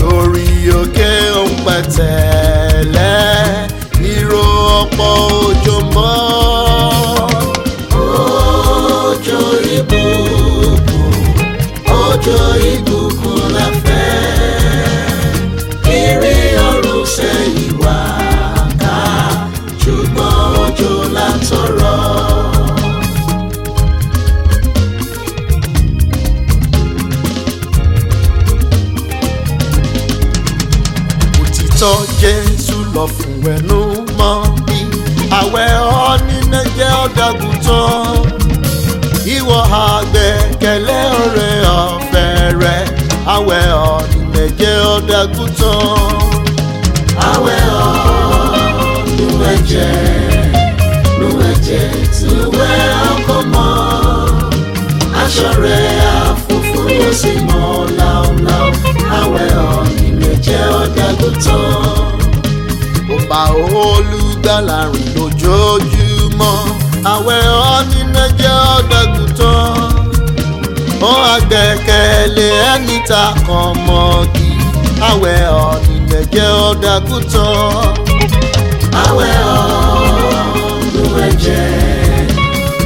lórí òkè òun pẹ̀tẹ́. wẹ̀nu mọ́ bí àwẹ̀ ọ̀nìnàjẹ́ ọ̀dàgùtàn ìwọ àgbẹ̀kẹ̀lé ọ̀rẹ́ ọ̀fẹ́ rẹ àwẹ̀ ọ̀nìnàjẹ́ ọ̀dàgùtàn. àwẹ̀ ọ̀nìnàjẹ́ lùwẹ̀jẹ̀ tí wẹ́ ọkọ̀ mọ́ aṣọ rẹ̀ àfúfú yóò sì mọ́ láúláú àwẹ̀ ọ̀nìnàjẹ́ ọ̀dàgùtàn olùgbàlà rìn lójoojúmọ́ àwẹ̀ ọ̀nìnàjẹ́ ọ̀dọ́gùtàn ó àgbẹ̀kẹ̀lé ẹni ta kan mọ́gì àwẹ̀ ọ̀nìnàjẹ́ ọ̀dọ́gùtàn. àwẹ̀ ọ̀nùwẹ̀jẹ̀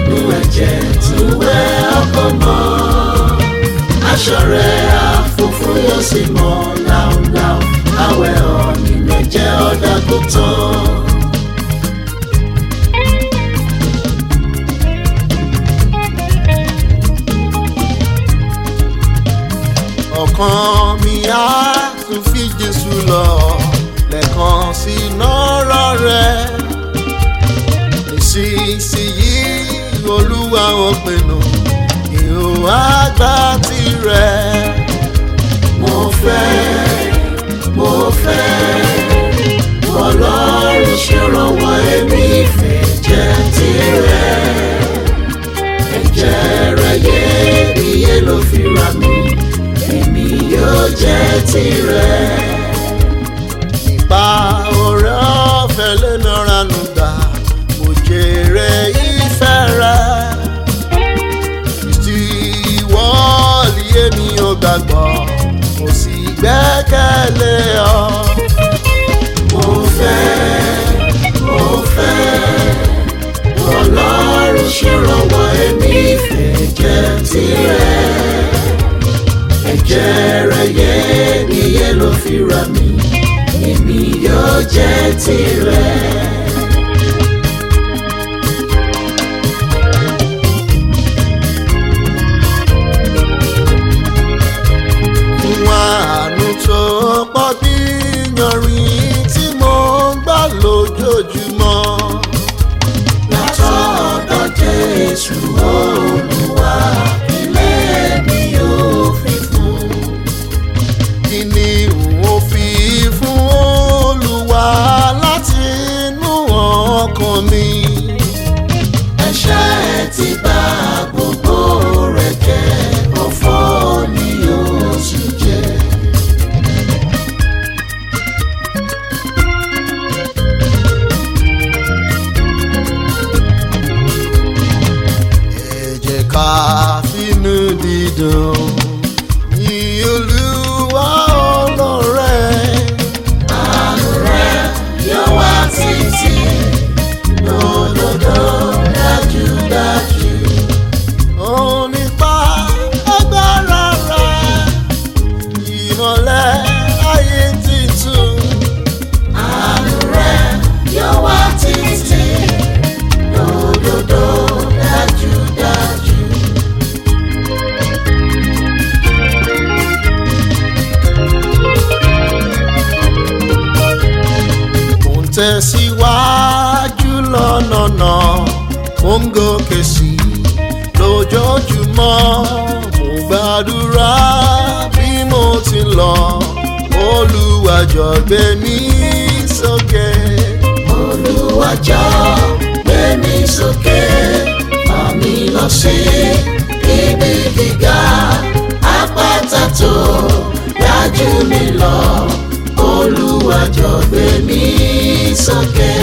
nùwẹ̀jẹ̀ tùwẹ̀ ọkọ mọ́ aṣọ rẹ̀ àfòfó yóò sì mọ́ láúláú àwẹ̀ ọ̀nì jẹ́ ọ̀dà kò tán. ọkàn mi á tún fi Jésù lọ lẹ́ẹ̀kan sí nọ́rọ̀ rẹ̀ nísinsìnyí olúwa ò pinnu ìhò àgbà tirẹ̀. mo fẹ́ mo fẹ́ ọlọ́run ṣèrànwọ́ ẹbí ìfẹ́ jẹ́ tirẹ̀ ẹ̀jẹ̀ rẹ̀ iyebíye ló fi rà mí èmi yóò jẹ́ tirẹ̀. ìpa oore ọ̀fẹ́ lẹ́nu ranú gbà mi ò gbàgbọ́ mo sì gbẹ́kẹ̀lé ọ. fi rà mí, èmi yóò jẹ́ tirẹ̀. mo ń gòkè sí lójoojúmọ́ mo gbàdúrà bí mo ti lọ Olúwa jọ̀ gbé mi sókè. Olúwa jọ̀ gbé mi sókè fà mí lọ sí ibi gíga àpáta tó ga jù lọ Olúwa gbé mi sókè.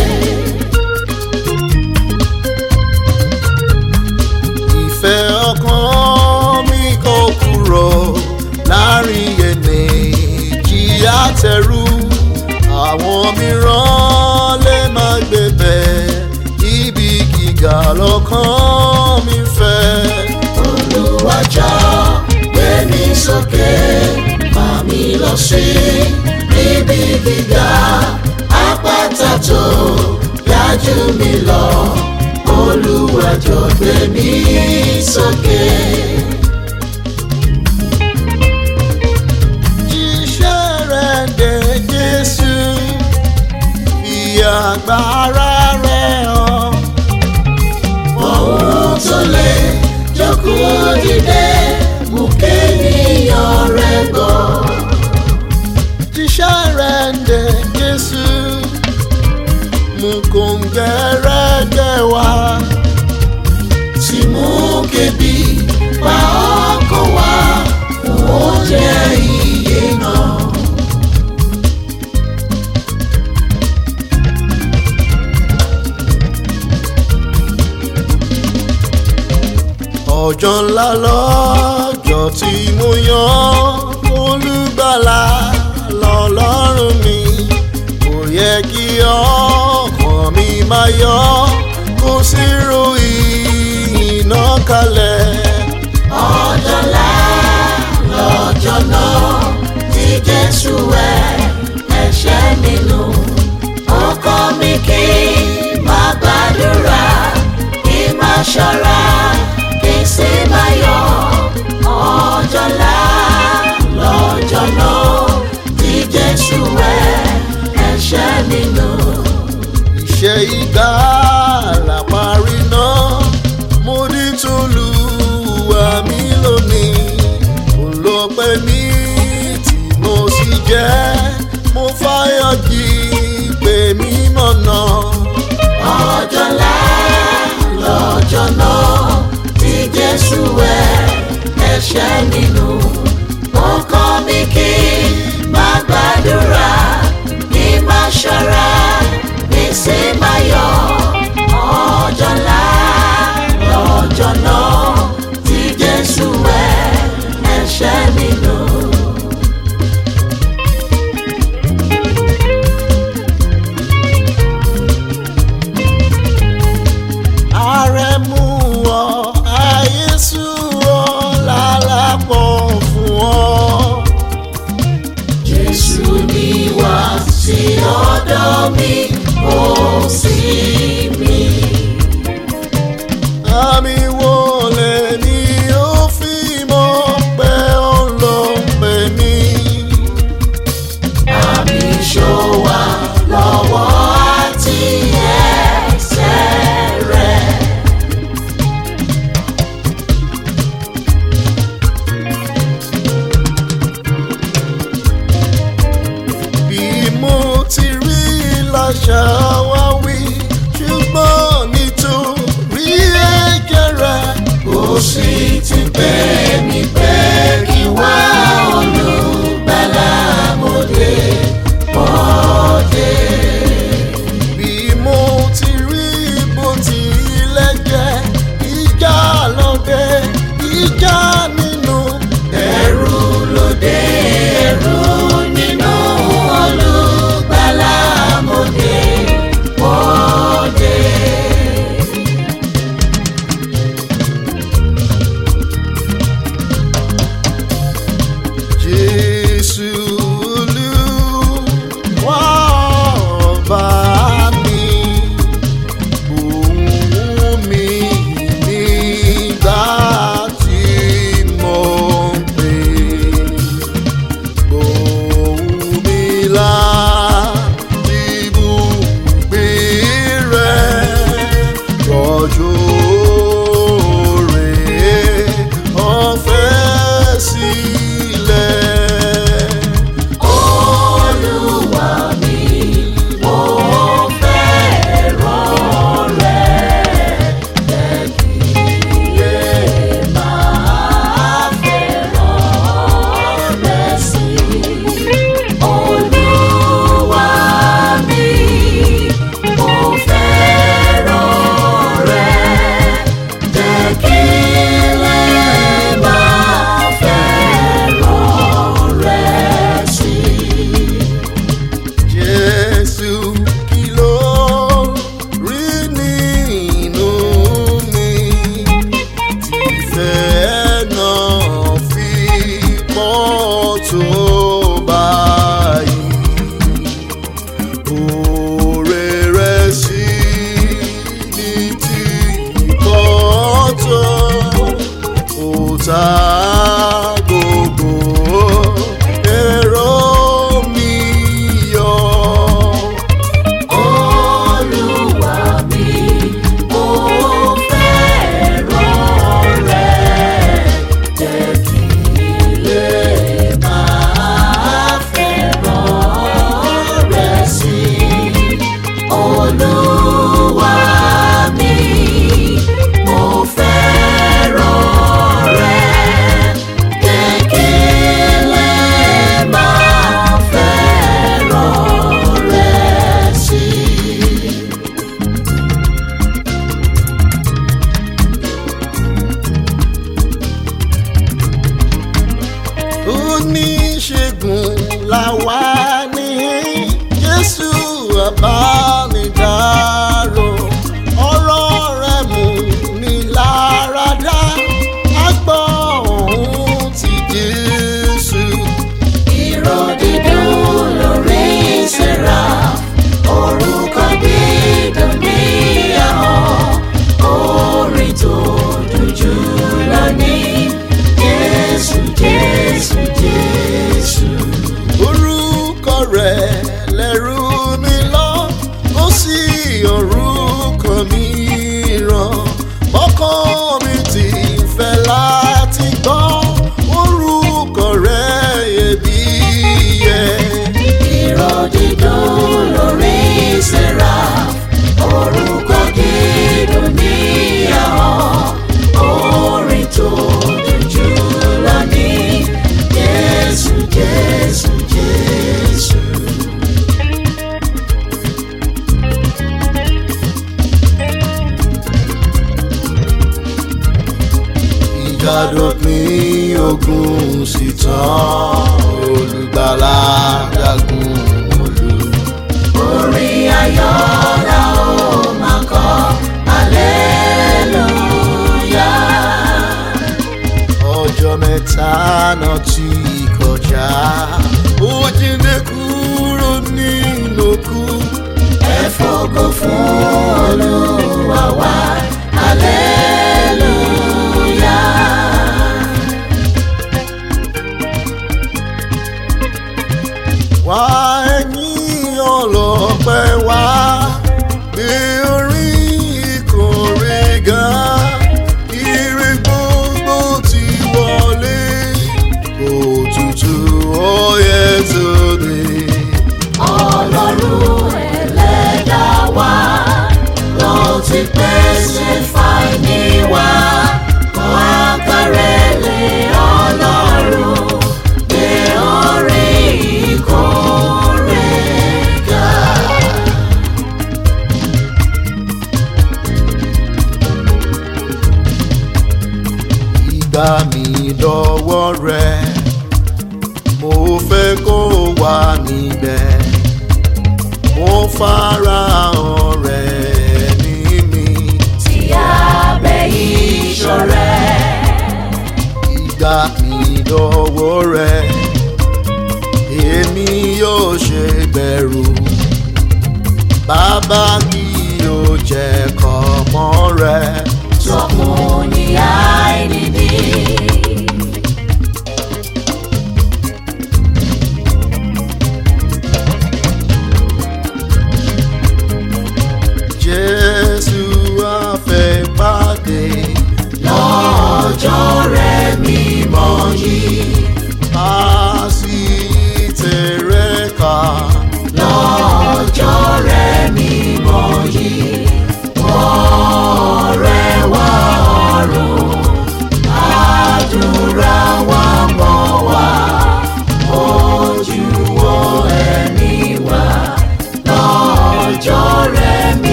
tẹrú àwọn mìíràn lè má gbébẹ̀ ibi gíga lọ́kàn mi fẹ́. olùwàjà gbé mi sókè má mi lọ sí ibi gíga àpáta tó ga jù mí lọ olùwàjọ gbé mi sókè. agbára rẹ̀ hàn. ohun tó lè jókòó dìde mú kéèyàn rẹ̀ gọ̀. jíṣẹ́ rẹ̀ ń dé Jésù mú kòǹgẹ́ rẹ̀ jẹ́ wá. sì mú kébì pa ọkọ̀ wá oúnjẹ yìí. ọjọ́ ńlá lọ́jọ́ tí mo yan olùgbàlà lọ́lọ́run mi kò yẹ kí ọkàn mi máa yọ kó sì ro ìyìnà kalẹ̀. ọjọ́ ńlá lọ́jọ́ náà tí Jésù wẹ ẹ̀ṣẹ̀ mi nù ó mi kí má gbàdúrà kí má ṣọ́ra. Adésímáyọ̀ ọjọ́lá lọ́jọ́ náà tí Jésù wẹ̀ ẹ̀ṣẹ̀ mi lò. Iṣẹ́ ìgbàlà parí náà mo ní t'Olúwa mi lónìí olópẹ́ mi tí mo sì ẹ̀ṣẹ̀ nínú ó kọ́ mi kí má gbàdúrà kí má ṣọ́ra kí sì má yọ̀. dópin ogun sì tán olùgbàlà dágun olú. orin ayọ̀ la ó máa kọ aleluya. ọjọ́ mẹ́ta náà ti kọjá ó wá jíǹde kúrò nínú òkú. ẹ fògo fún olúwa wa.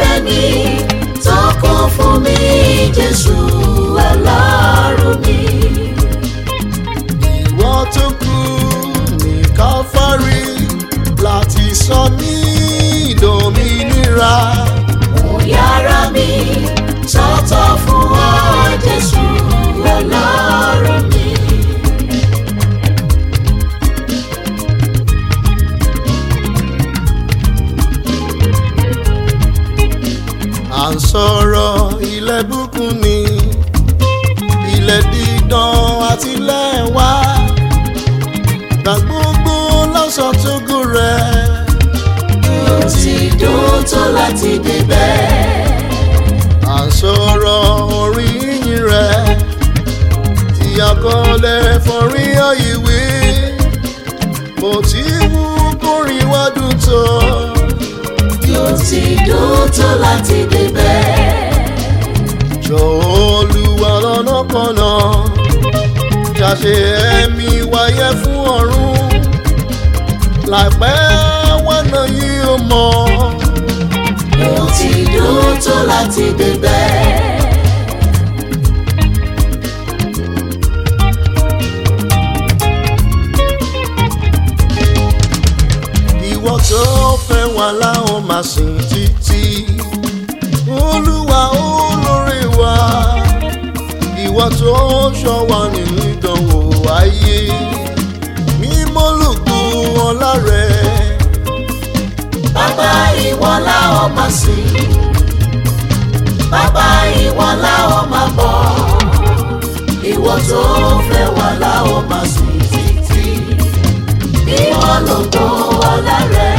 ọ̀fẹ́ mi tó kún fún mi Jésù ọlọ́run mi. ìwọ tó kú ní Káfárì láti sọ mí dòmìnira. mo mi sọ́tọ̀ fún ọ Jésù ọlọ́run mi. sọ̀rọ̀ ilẹ̀ búkún ni ilẹ̀ dídán àti ilẹ̀ wá gbà gbogbo lọ́sọ tógo rẹ̀. ó ti dùn tó láti débẹ̀. à ń sọ̀rọ̀ orí yìnyín rẹ̀ tí a kọ́lẹ̀ fọ́rí mo ti wú kórìíwájú tó. yóò ti dùn tó láti débẹ̀. kan náà ṣàṣe ẹ̀mí wáyé fún ọ̀run láìpẹ́ wọnà yìí ó mọ̀. mo ti dúró tó láti débẹ̀. ìwọ tó fẹ́ wà láwọn màsìn títí olúwa olórí wa ìwọ tó ṣọwọ́ nínú ìdánwò ayé mímọ́ lògùn ọlá rẹ. bàbá ìwọ láwọn máa sìn bàbá ìwọ láwọn máa bọ̀ ìwọ tó fẹ́ wà láwọn máa sìn títí mímọ́ lògùn ọlá rẹ.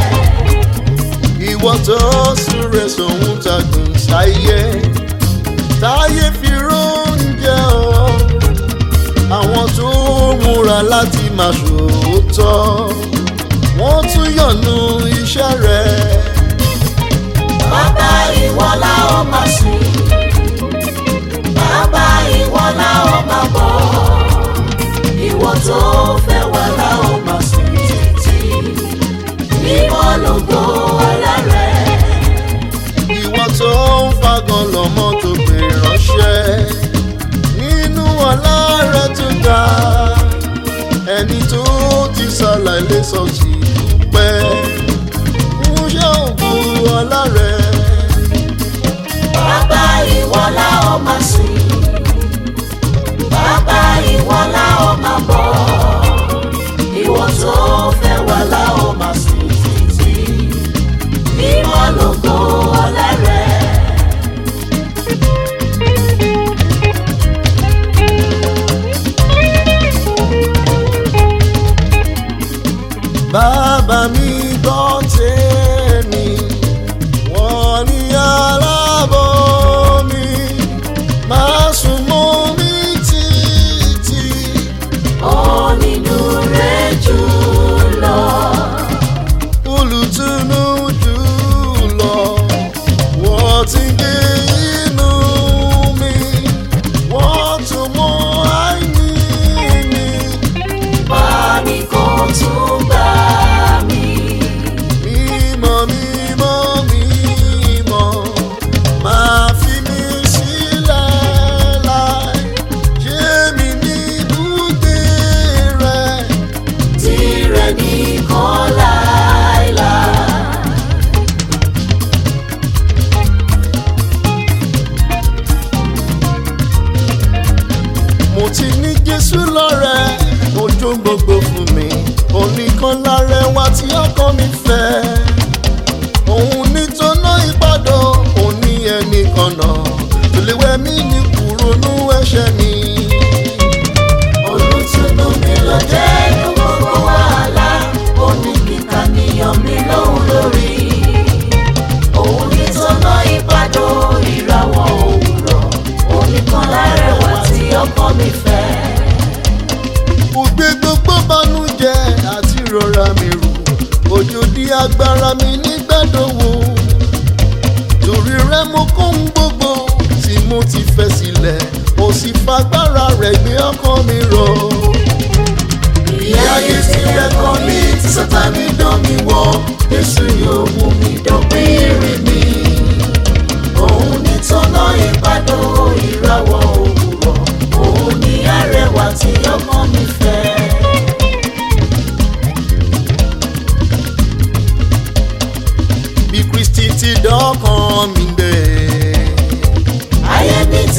ìwọ tó sì rẹ̀ sọ̀hún tagùn sáyé táyé fi rọ́. múra láti máa ṣòótọ́ wọ́n tún yànnú iṣẹ́ rẹ̀. bàbá ìwọ la ó máa sìn bàbá ìwọ la máa bọ̀ ìwọ tó fẹ́ wá la máa sìn títí ìwọ ló gbọ́. Like is so oh, cheap.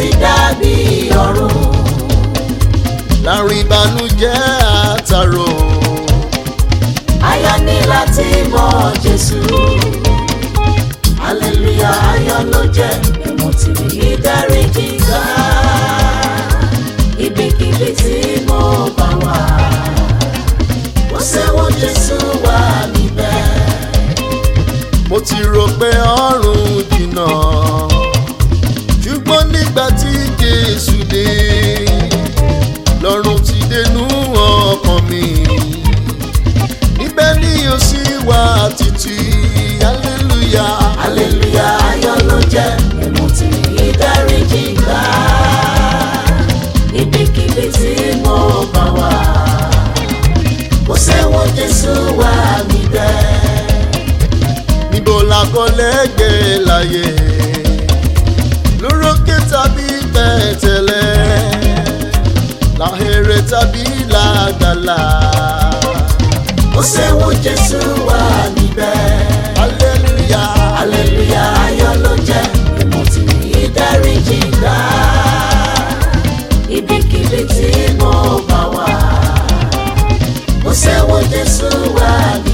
ti dàbí ọ̀run. láàrin ìbànújẹ́ àtàrò. ayọ̀ ni láti mọ Jésù. aleluya ayọ̀ ló jẹ́ mo ti rí ìdáríjì gbà. ibikíbi tí mo bá wà. mo ṣẹ́wọ́ Jésù wà níbẹ̀. mo ti rò pé ọ̀run jìnnà ìgbà tí Jésù dé lọ́rùn ti dénú ọkàn mi níbẹ̀ ni yóò sì wà títí hallelujah. hallelujah ayọ̀ ló jẹ́ mímú ti ìdáríjì gbà ibikíbi tí mo bá wà mo sẹ́wọ́n Jésù wà níbẹ̀. níbo la kọ́ lẹ́gbẹ̀ẹ́ láyé. ńlá. ó ṣẹ́wó jésù wà níbẹ̀. aleluya aleluya ayọ̀ ló jẹ́ mo ti ìdáríjì gbà. ibikíbi tí mo bá wà. ó ṣẹ́wó jésù wà níbẹ̀.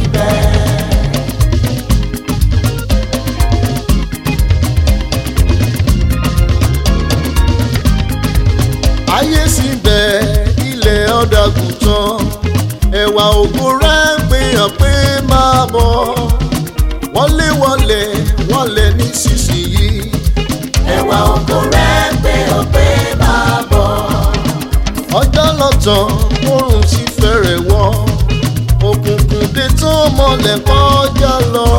tán oòrùn ti fẹ́rẹ̀ wọ̀ òkùnkùn dé tó mọ́lẹ̀ kọjá lọ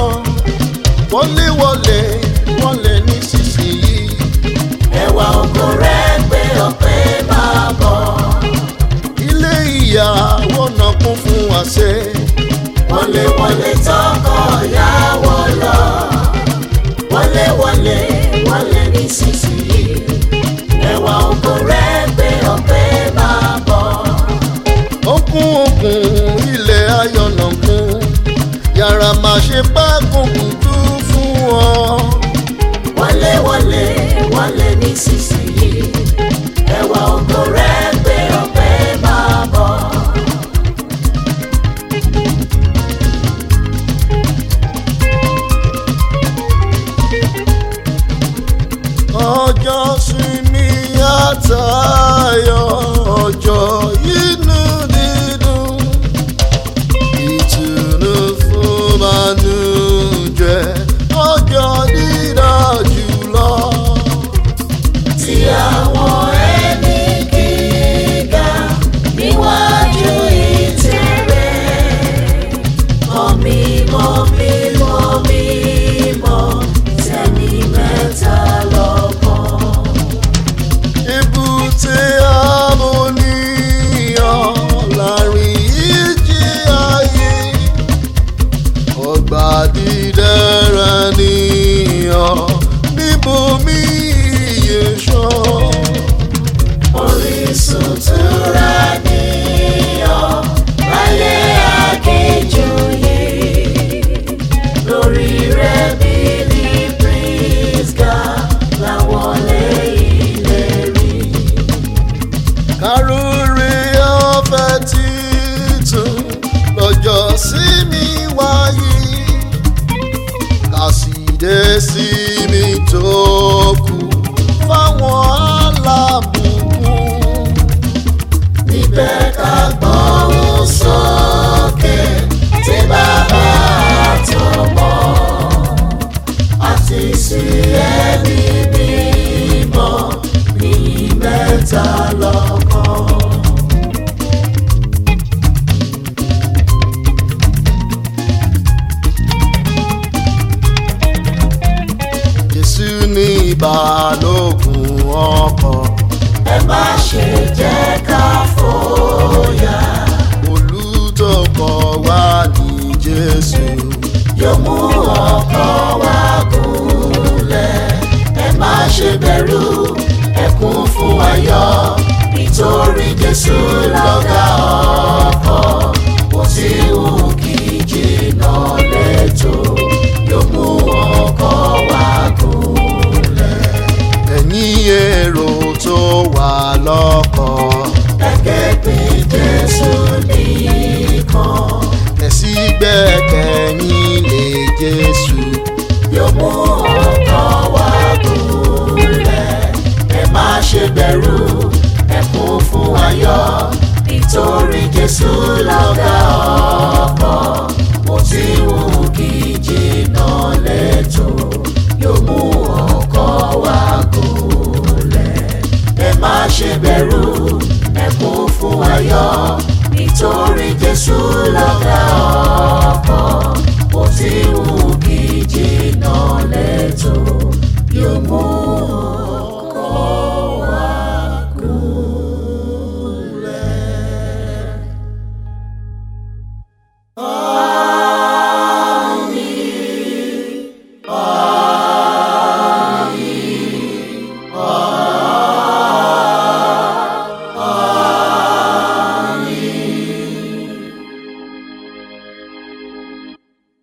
wọlé wọlé wọlé nísinsìnyí. ẹwà oko rẹ gbé ọpẹ máa bọ. ilé ìyàwó náà kún fún àṣẹ. wọlé wọlé tọkọ yàwó lọ wọlé wọlé wọlé nísinsìnyí. kún òkun ilẹ̀ ayọ̀nà kún yàrá màṣẹ́ bá kún kún fún ọ. balógun ọkọ̀. ẹ má ṣe jẹ́ ká fòyà. olùtọ́kọ̀ wa ní Jésù. yóò mú ọkọ̀ wa gúnlẹ̀. ẹ má ṣe bẹ̀rù ẹ fún ayọ̀ nítorí Jésù lọ́gá ọkọ̀ kò sí òkè jìnnà lẹ́tọ̀ọ́. èrò tó wà lọ́kàn. Ẹ̀kẹ́ pé Jésù nìkan. Ẹ̀sí gbẹ́kẹ̀yìn lé Jésù. Yóò mú ọkàn wá gúnlẹ̀, ẹ má ṣe bẹ̀rù. lọ́dà ọkọ̀ kò sí wù.